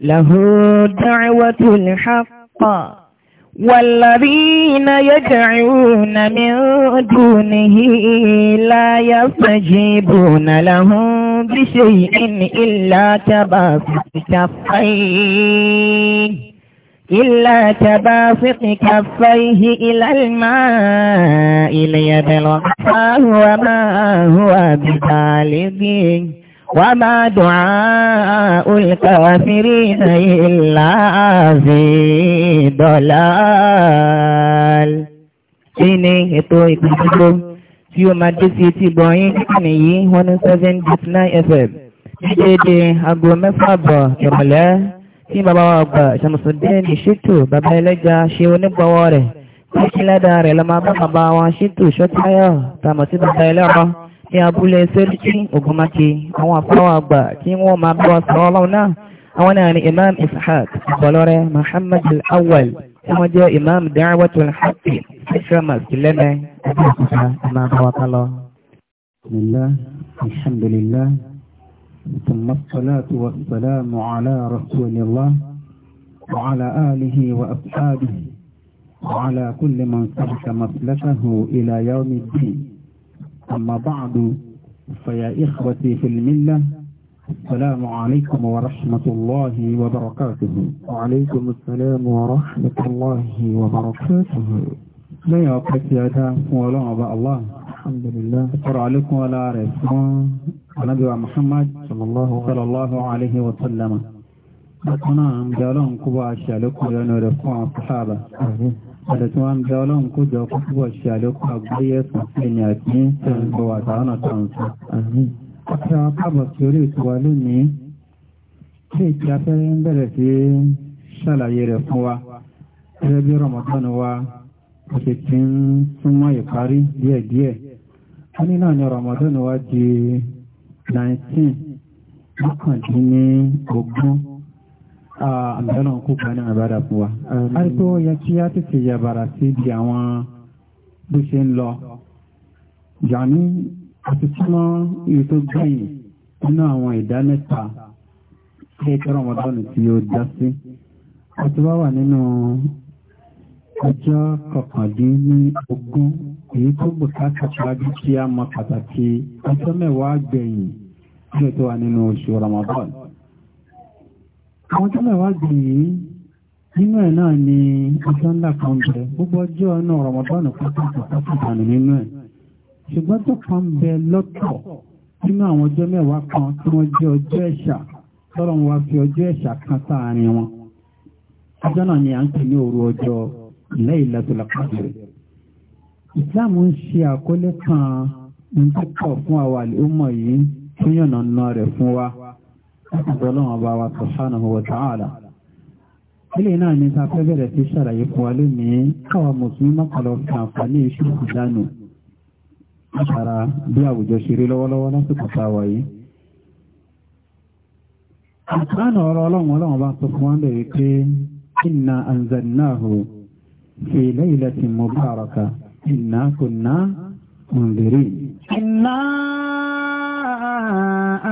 له دعوة الحق والذين يدعون من دونه لا يستجيبون لهم بشيء إلا كباسط كفيه إلا كباسط كفيه إلى الماء ليبلغ فهو ما هو بخالقه Wa ma du'a'ul kafirina illa fi dalal. Kí ni ètò ìdúgbò tí ó máa dé sí etí bọ̀yìn nìyí 107.9 FM? Dédé aago mẹ́fà bọ̀ ìrọ̀lẹ́ tí bàbá wa gbà Ṣàmùsùdín ní ṣètò bàbá ẹlẹ́ja ṣe onígbọ̀wọ́ rẹ̀. Kí lẹ́dà rẹ̀ lọ máa bá bàbá wa ṣètò ṣọ́táyọ̀ tàmọ̀ sí bàbá ẹlẹ́rọ ní abúlé sẹ́ríkí ogunmáke àwọn àfáwà àgbà tí wọ́n máa bá wa sọ ọlọ́run náà àwọn náà ni imam ishaq ìbọ̀lọ́rẹ́ muhammad al-awwal tí wọ́n jẹ́ imam da'watul haqqi sẹ́fẹ́màs lẹ́mẹ́ ẹgbẹ́ òkúta máa bá wa kálọ. ثم الصلاة والسلام على رسول الله وعلى آله وأصحابه وعلى كل من سلك مسلكه إلى يوم الدين أما بعد فيا إخوتي في الملة السلام عليكم ورحمة الله وبركاته وعليكم السلام ورحمة الله وبركاته لا يوقف يدا ولا أبا الله الحمد لله أقرأ عليكم ولا رسم ونبي محمد صلى الله صلى الله عليه وسلم أنا أمجالهم كبا أشياء لكم لأنه نور الصحابة Àdẹ̀ tí wọ́n ń bẹ ọlọ́run kó jọ kó túbọ̀ ṣe àlékún àgbáyé ẹ̀sùn sí ẹni àti ní ṣẹ̀ǹgbọ̀ àtàwọn àtàwọn tó. Àti àwọn káàbọ̀ sí orí ètò wa lónìí, kí èkì afẹ́rẹ́ ń bẹ̀rẹ̀ sí ṣàlàyé rẹ̀ fún wa. Gẹ́gẹ́ bí Ramadan wa, kò sì ti ń súnmọ́ ìparí díẹ̀díẹ̀. Wọ́n ní náà ni Ramadan wa di 19, mọ́kàndínlógún àmìlẹ́nà kó pa ní àbádà fún wa. Um, a rí pé ó yẹ kí á tètè yàbàrà sí di àwọn bó ṣe ń lọ. jàní àti súnmọ́ ìlú tó gbẹ̀yìn nínú àwọn ìdá mẹ́ta ṣé kí rọmọdọ́nù tí ó dá sí. a wá wà nínú ọjọ́ kọkàndínlógún èyí tó bùkátà ṣáájú kí a mọ pàtàkì ọjọ́ mẹ́wàá gbẹ̀yìn tí ó tó wà nínú oṣù rọmọdọ́nù àwọn tó náà wá gbìn yìí nínú ẹ̀ náà ni ọjọ́ ńlá kan bẹ gbogbo ọjọ́ náà rọmọdọ́nù pátákó pátákó nínú ẹ̀ ṣùgbọ́n tó kan bẹ lọ́tọ̀ nínú àwọn ọjọ́ mẹ́wàá kan tí wọ́n jẹ́ ọjọ́ ẹ̀ṣà tọ́lọ́ wa fi ọjọ́ ẹ̀ṣà kan sáàárín wọn ọjọ́ náà ni à ń pè ní òru ọjọ́ Laylatul Qadr Islam ń ṣe àkọlé kan ń tó pọ̀ fún àwa ó mọ̀ yìí tó yànnà náà rẹ̀ fún wa látọ̀lọ́wọ́ bá wa subhanahu wa ta'ala ilé náà ní ta fẹ́ bẹ̀rẹ̀ sí ṣàlàyé fún wa lónìí káwa mùsùlùmí mọ́kànlọ́ fi àǹfààní iṣu ìdánù látara bí àwùjọ ṣe rí lọ́wọ́lọ́wọ́ lásìkò táwa yìí àtàánà ọ̀rọ̀ ọlọ́run ọlọ́run bá sọ fún wa bẹ̀rẹ̀ pé inna anzalnahu fi laylatin mubaraka inna kunna munzirin inna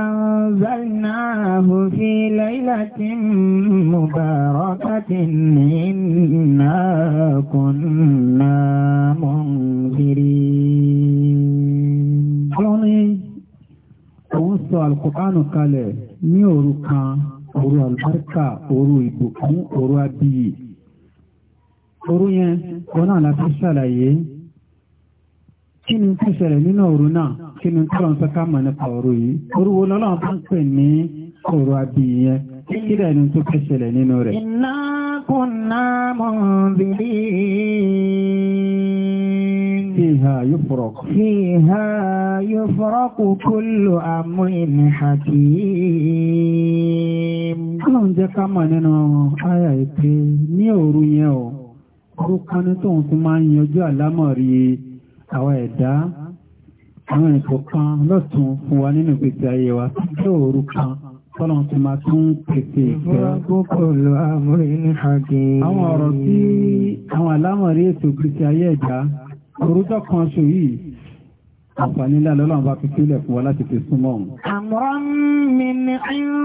anzalnahu أنزلناه في ليلة مباركة إنا كنا منذرين ọlọ́rin òun sọ alkùránù kalẹ̀ ní òru kan òru albarka òru ìbùkún òru abiyì òru yẹn ọ̀nà àlàfíà ṣàlàyé kí ni tó ṣẹlẹ̀ nínú òru náà kí ni tó lọ́n sọ ká mọ̀ nípa òru yìí òru wo lọ́lọ́run bá ń pè ní kọ̀rọ̀ àbí yẹn kí rẹ̀ ní tó fẹ́ ṣẹlẹ̀ nínú rẹ̀. Inna kunna munzirin. Fiha yufraq. Fiha yufraq kullu amrin hakim. Kọ́lọ̀ ń jẹ́ ká mọ̀ nínú àyà ìpè ní òru yẹn o. Orúkọ ní tóun fi máa ń yanjú àlámọ̀rí àwọn ẹ̀dá àwọn ìkọ̀kan lọ́tún fún wa nínú ìgbésí ayé wa tó òru kan tọ́lọ̀ tó máa tún pèsè ìfẹ́. Gbogbo àmúrí Àwọn ọ̀rọ̀ tí àwọn alámọ̀rí ètò ìgbésí ayé ẹ̀dá, orúkọ kan ṣò yìí, àǹfààní ńlá lọ́lọ́run bá fi sílẹ̀ fún wa láti fi súnmọ́ òun. Amran min ní sọ́kùn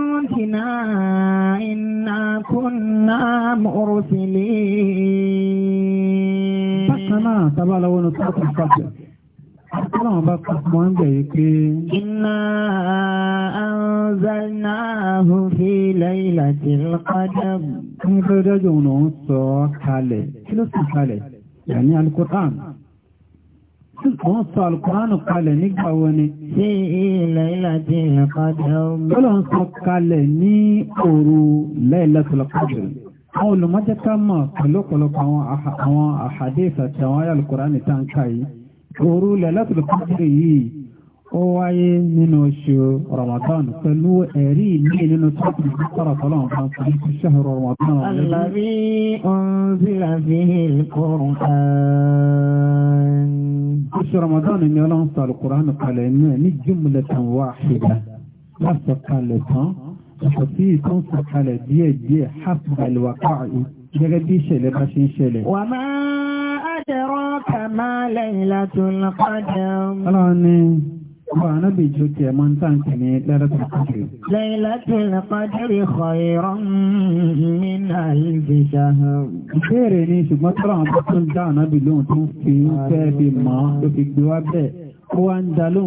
Inna أنزلناه في ليلة القدر ní pé dájú òun òun sọ kalẹ̀ kí ló sì kalẹ̀ yàní alukur'an òun sọ alukur'an kalẹ̀ nígbà wo ni. sí ilẹ̀ ìlàjì ìkọjọ́. ó lọ sọ kalẹ̀ ní òru Laylatul Qadr. àwọn olùmọ́jẹ́ mọ̀ pẹ̀lú ọ̀pọ̀lọpọ̀ àwọn àhàdé ìfàtí àwọn ayélujára ní tàǹkà yìí ó wáyé nínú oṣù Ramadan pẹ̀lú ẹ̀rí ìlú nínú sọ́ọ̀tì sọ́rọ̀ tọ́lọ́run kan fún ní ṣẹ́hù Ramadan. Àlàbí unzila fihi al-Qur'an. Oṣù Ramadan ni ọlọ́run sọ Al-Qur'an kalẹ̀ inú ẹ̀ ní jumlatan wahida. Lọ́sọ̀ kalẹ̀ tán, ọ̀sọ̀ tí ìtàn sọ kalẹ̀ díẹ̀díẹ̀ hafza al Ọlọ́run ni Ọba ànábì ju tiẹ̀ máa ń tàǹkì ní Lailatul Qadr. Lailatul Qadr khairan min alfi shahr. Ìbéèrè ni ṣùgbọ́n tọ́lá àwọn tó ń dá ànábì lóhùn tó ń fi ń fẹ́ bí mọ́ ló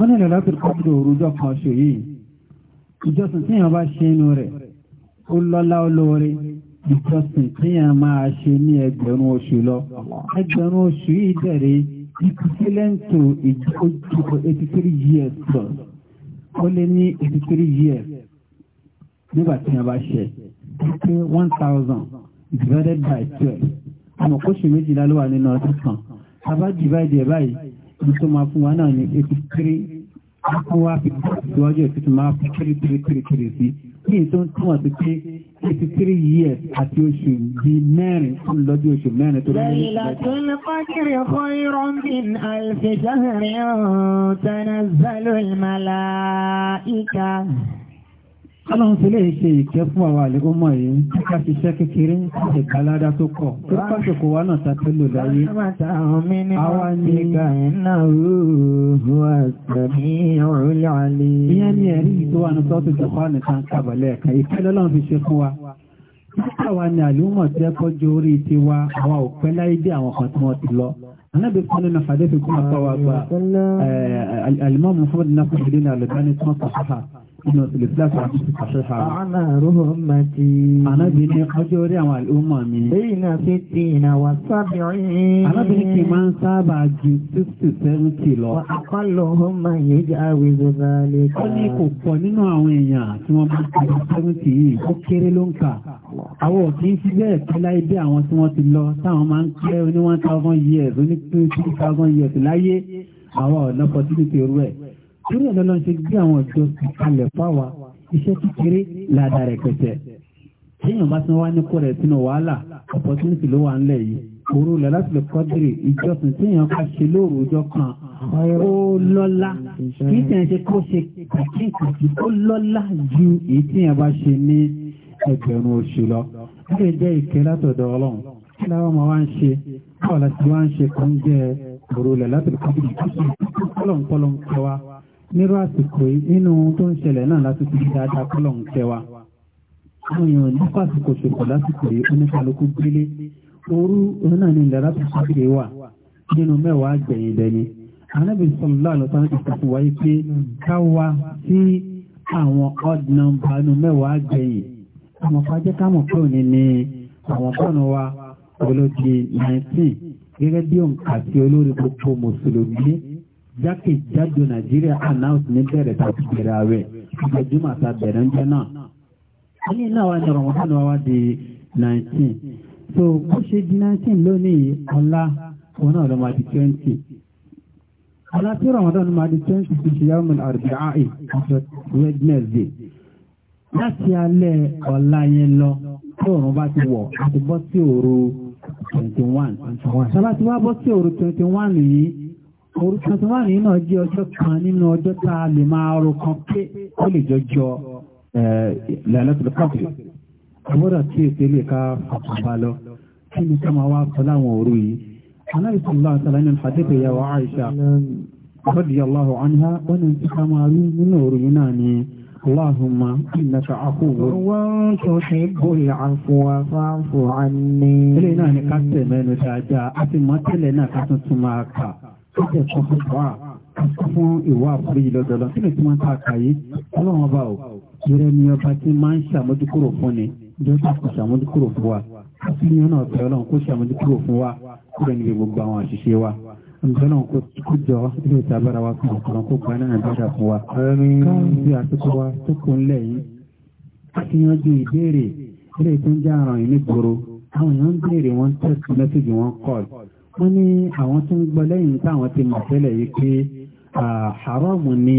ní Lailatul Ìjọsìn tí èèyàn bá ṣe inú rẹ̀, ó lọ́lá olóore ìjọsìn tí a máa ṣe ní ẹgbẹ̀rún oṣù lọ. ẹgbẹ̀rún oṣù yìí dẹ̀rẹ̀ ìkùsílẹ̀ǹtò ìjókòó 83 years plus ó lé ní 83 years nígbà tí a bá ṣe pé 1000 divided by 12 àmọ́ kóṣù méjìlá ló wà nínú ọdún kan tàbá divide ẹ̀ báyìí ní tó máa fún wa náà ní 83 wọ́n wá fi síwájú ẹ̀ kiri kiri kiri kiri sí ní ìtò túmọ̀ sí pé eighty three years àti oṣù bíi mẹ́rin fún lọ́jọ́ oṣù mẹ́rin tó lọ́jọ́ oṣù mẹ́rin. Laylatul Qadri khayrun min alfi shahrin tanazzalu al-malaika. Ọlọ́run tó lè ṣe ìkẹ́ fún àwọn àlẹ́gbọ́mọ̀ yìí tí ká ṣiṣẹ́ kékeré ṣe káládá tó pọ̀ tó pàṣẹkò wá náà tàbí lò láyé. Àwa ni ìyẹn ní ẹ̀rí tó wà ní sọ́tù jọ̀pá nìkan kábàlẹ̀ kan ìkẹ́ lọ́lọ́run fi ṣe fún wa. Àwa ni àlùmọ̀ tí ẹ kọjú orí ti wa àwa ò pẹ́ láyé dé àwọn kan tí wọ́n ti lọ. Anábì kan nínú àdéfì kúmọ̀ pàwọ́ àgbà Alimọ́ Muhammad Nasir Adina Alùbáni tí wọ́n kọ̀ nínú tìlẹ̀tìlẹ̀tì àti ìpàṣẹ́fà. Àánà rúhùmà ti. Ànábì ní ọjọ́ orí àwọn àlùmọ̀ mi. Bẹ́ẹ̀ náà fi ti ìnà wà sábìrín. Ànábì ní kì í máa ń sábà ju sixty seventy lọ. Àpálọ̀ ọmọ yìí jẹ́ àwìzọ balẹ̀ ká. Ó ní kò pọ̀ nínú àwọn èèyàn tí wọ́n bá ti di seventy yìí. Ó kéré ló ń kà. Àwọn ò kì í fi bẹ́ẹ̀ pẹ́ láyé bí àwọn tí wọ́n ti lọ táwọn máa ń pẹ́ oní one thousand years oní two thousand years láyé àwọn ọ̀nà opportunity rú ẹ̀ torí ẹ̀rọ lọ́n ṣe gbé àwọn ọ̀dọ́ kalẹ̀ fáwa iṣẹ́ kékeré láàdá rẹ̀ pẹ̀tẹ̀. téèyàn bá tún wá ní kó rẹ̀ sínú wàhálà opportunity ló wà ńlẹ̀ yìí òru lọ láti lè kọ́dìrì ìjọsìn téèyàn bá ṣe lóru ọjọ́ kan ó lọ́lá kì í tẹ̀ ṣe kó ṣe kàkíkàkí ó lọ́lá ju èyí téèyàn bá ṣe ní ẹgbẹ̀rún oṣù lọ. ó jẹ́ ìkẹ́ látọ̀dọ̀ ọlọ́run kí láwọn ọmọ wa ń ṣe báwo la ti wá ń ṣe kó ń jẹ òru lọ láti lè kọ́dìrì kí ó nírú àsìkò nínú tó ń ṣẹlẹ̀ náà láti fi dáadáa kọ́lọ̀ ń tẹwa àwọn èèyàn nípa àsìkò ṣòfò lásìkò yìí oníkàlùkù gbélé orú òun náà ní ilẹ̀ láti ṣàkíyè wà nínú mẹ́wàá gbẹ̀yìn lẹ́ni anábì sọ̀lá lọ́tà ti sọ̀tún wáyé pé ká wá sí àwọn odd number nínú mẹ́wàá gbẹ̀yìn àmọ́ fàájẹ́ ká pé òní ni àwọn bọ́ọ̀nù wa olódi 19 gẹ́gẹ́ bí òǹkà sí olórí gbogbo mùsùlùmí jákèjádò nàìjíríà announce ní bẹ̀rẹ̀ tàbí bẹ̀rẹ̀ ààrẹ ìgbẹ́júmọ̀ àti abẹ̀rẹ̀ ń jẹ́ náà. ẹni náà wà ní Ramadan wa di nineteen. so bó ṣe di nineteen. lónìí ọ̀la òun náà ló máa di 20. ọ̀la tí Ramadan máa di 20 ti ṣe yàrá mọ́lẹ̀ àrùbíàì ọ̀sẹ̀ Wednesday. láti alẹ́ ọ̀la yẹn lọ tí òun bá ti wọ̀ àti bọ́ sí òru 21. sábà tí wàá bọ́ sí òru 21 yìí orúkọ tó wà nínú ọjọ́ ọjọ́ kan nínú ọjọ́ tá a lè máa ro kan pé ó lè jọjọ lẹ́lẹ́tìlẹ́ pàtó àbúrò tí èsì lè ká fàkàbà lọ kí ni ká máa wá sọ láwọn òru yìí aláìsànlá àtàlà nínú fàdébẹ̀ ìyàwó Àìṣà radiyallahu anha wọ́n ti ká máa rí nínú òru yìí náà ni اللهم إنك عفو وتحب العفو فاعف عني إلينا نكتب من تاجا أتمت لنا كتنتماك tókè kún fún wa fún ìwà àforíjì lọ́dọọlọ́ kí ni tí wọ́n ta àkàyé ọlọ́run ọba ò yẹrẹ ni ọba tí máa ń ṣàmójúkúrò fún ni jọ́ta kò ṣàmójúkúrò fún wa kí ni ọ̀nà ọ̀tẹ̀ ọlọ́run kó ṣàmójúkúrò fún wa kí ni gbogbo àwọn àṣìṣe wa ǹjẹ́nà kó jọ ilé ìtàbára wa fún ọ̀kan kó gba náà dáadáa fún wa. káàkiri àtúkọ wa tó kún lẹ́yìn àti yanjú ìbéèrè ilé ìtúnjẹ àrùn ìnígboro àwọn èèyàn ń béèrè wọn tẹ́sí mẹ́sẹ̀gì wọn kọ́ọ̀lù wọ́n ní àwọn tó ń gbọ́ lẹ́yìn táwọn ti mọ̀ tẹ́lẹ̀ yìí pé haramu ni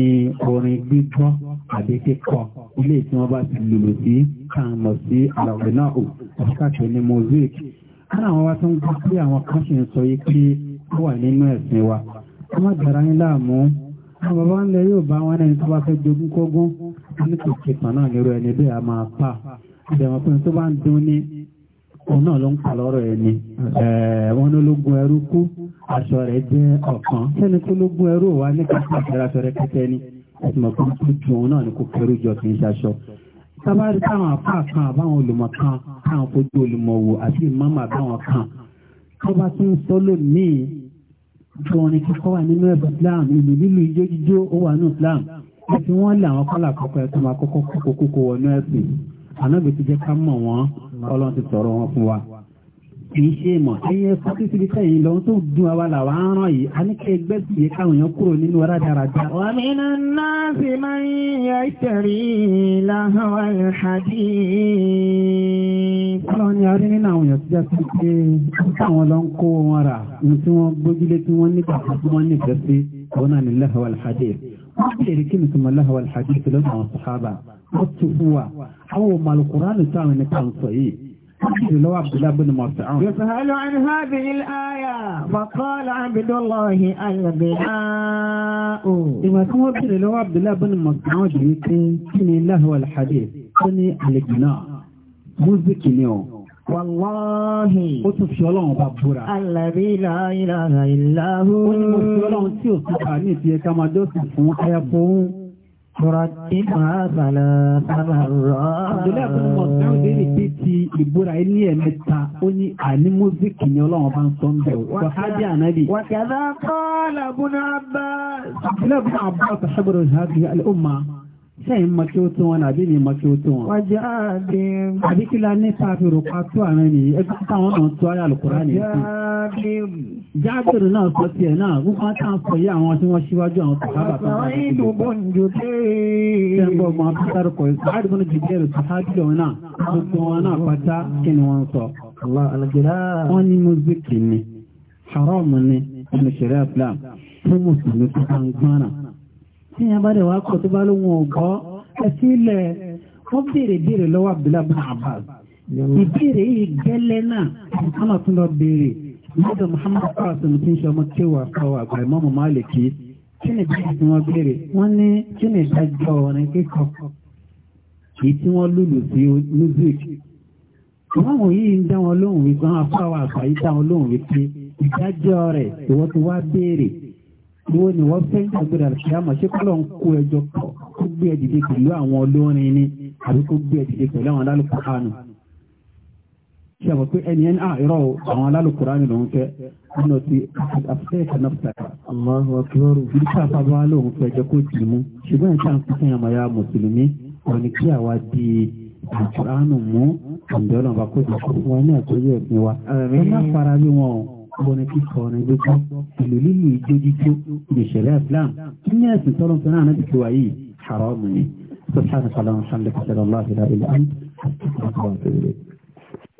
orin gbígbọ́ àbí kíkọ ilé tí wọ́n bá ti lùlù sí kàn mọ̀ sí àlọ́gbẹ̀ náà ò àṣìkàṣẹ́ ní mosaic ara àwọn wa tó ń gbọ́ pé àwọn kan ṣe ń sọ yìí pé ó wà nínú ẹ̀sìn wa wọ́n má dára yín láàmú àwọn bàbá ńlẹ̀ yóò bá wọn ẹni tó bá fẹ́ jogún kógún wọn ní òun náà ló ń kà lọ́rọ̀ ẹ̀ ni wọn ló lógun ẹrú kú aṣọ rẹ̀ jẹ́ ọ̀kan sẹ́ni tó lógun ẹrú wa ní kápá ìṣẹ́ra aṣọ rẹ̀ kẹ́kẹ́ ni ẹ̀sìn mọ̀ fún tó ju òun náà ni kò kẹrù jọ kì í ṣaṣọ. sábàárì táwọn apá kan àbáwọn olùmọ̀ kan káwọn fojú olùmọ̀ wò àti ìmọ̀mọ̀ ànábì ti jẹ́ ká mọ̀ wọ́n ọlọ́run ti sọ̀rọ̀ wọn fún wa kìí ṣe mọ̀ ẹyẹ fọ́tísíbí tẹ̀yìn lọ tó dùn àwa làwa ń ràn yìí a ní kí ẹgbẹ́ sì yẹ káwọn èèyàn kúrò nínú ọ̀rá dáradá. wa minan nasi man yashtari lahwal hadith. kọ́lọ́ ni a rí nínú àwọn èèyàn tó sí pé táwọn lọ ń kó wọn rà ní tí wọ́n gbójúlé tí wọ́n nígbà tí wọ́n nífẹ̀ẹ́ sí òun ní lahwal hadith. wọ́n wọ́n tó fún wa àwọn ọmọ alukùránì táwọn ẹni kan sọ yìí لو عبد الله بن مسعود يسأل عن هذه الآية فقال عبد الله البناء لما تقول لو عبد الله بن مسعود يكن له والحديث كن البناء مزك نيو والله قطف شلون بابورا الذي لا إله إلا هو قطف شلون سيوسف عنيف يكما دوسف وحيفون Mùràtíkà bàlá bàbá rọ̀. Àbdùlẹ́ àbúrò Mọ̀sáwò dé ní pé ti ìbúra ilé ẹ̀mẹ́ta ó ní àní múzíkì ni ọlọ́run bá ń sọ ń bẹ̀ wọ́n sáájú ànábì. Wàkàdá kọ́ọ̀lá bùnà bá. Àbdùlẹ́ àbúrò àbúrò sàṣẹ́gbọ̀rọ̀ ìhàbí al'umma. Sẹ́yìn makí ó tún wọn àbí ni makí ó tún wọn. Wàjá àbí. Àbíkílá ní sáfì rò pàtó àárín nìyí. Ẹgbẹ́ táwọn náà tó ayé àlùkùrá nìyí. Wàjá àbí. Jábìrì náà sọ ti ẹ̀ náà, wọ́n tá ń fọ yí àwọn tí wọ́n ṣíwájú àwọn sàhábà tó máa ń dùbò ń jòdè. Tẹ́gbọ́ ọmọ afẹ́sàrò kọ̀ ìsọ, àdìbò ní jìdí ẹ̀rọ sàhábìlì ọ̀hún náà, gbogbo wọn náà pátá kí ni wọ́n sọ. Wọ́n ní múzíkì ni, haramu ni, ọmọ ìṣẹ̀rẹ́ àfúlà, fún mùsùlùmí tó bá ń gbọ́nà. Tí yẹn bá dẹ̀ wá kọ̀ tó bá lóhun ọ̀gọ́, ẹ sí ilẹ̀, mọ́tò muhammad kọ́ọ̀sì ní kí n ṣe ọmọ kéwà kọ́wà àgbà ìmọ̀mù máàlìkì kí ni bí tí wọ́n béèrè wọ́n ní kí ni ìdájọ́ ọ̀rìn kíkọ kì í tí wọ́n lùlù sí music ìmọ̀mù yìí ń dá wọn lóhùn wípé wọn afáwà àgbà yìí dá wọn lóhùn wípé ìdájọ́ rẹ̀ ìwọ́n ti wá béèrè ìwọ ni wọ́n fẹ́ gbàgbéra rẹ̀ kíá màṣẹ́ kọ́lọ̀ ń kó ẹjọ́ kó gbé ẹ̀dìdì pẹ̀lú àwọn olórin ni àbí kó gbé ẹ̀dìdì pẹ̀lú àwọn alálùpàá nù ṣe àmọ̀ pé ẹni ẹni àìrọ̀ ah, àwọn alálùkùrá ni lòun fẹ́ nínú ti àfẹ́ ìkànnàfẹ́ta. Allahu akbar. Ibi tí àfàbọ́ lòun fẹ́ jẹ́ kó jì mú. Ṣùgbọ́n ìta ń fún ẹ̀yàn mọ̀yá Mùsùlùmí, wọ́n ni kí àwa di àkùránù mú ọ̀dọ́ náà bá kó jù kó wọn ní àkóyè ẹ̀gbìn wa. Ẹ má fara bí wọn kọ́ ọ̀nà ìgbésí ìlú lílu ìjójíjó ìṣẹ̀lẹ̀ Islam. Kí ní ẹ̀sìn tọ́lọ́ fún náà náà ti fi wáyé haramu ni. Sọ́sánà kàlọ́ ọ̀sán lẹ́kọ̀ọ́ sẹ́lọ́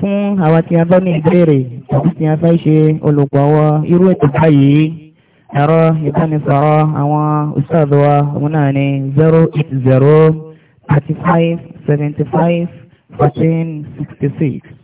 fún àwọn tí a bá ní ìbéèrè tàbí tí a fẹ́ ṣe olùgbọ̀wọ́ irú ètò báyìí ẹ̀rọ ìbánisọ̀rọ̀ àwọn ustadh wa òun náà ni 080 35 75 14 66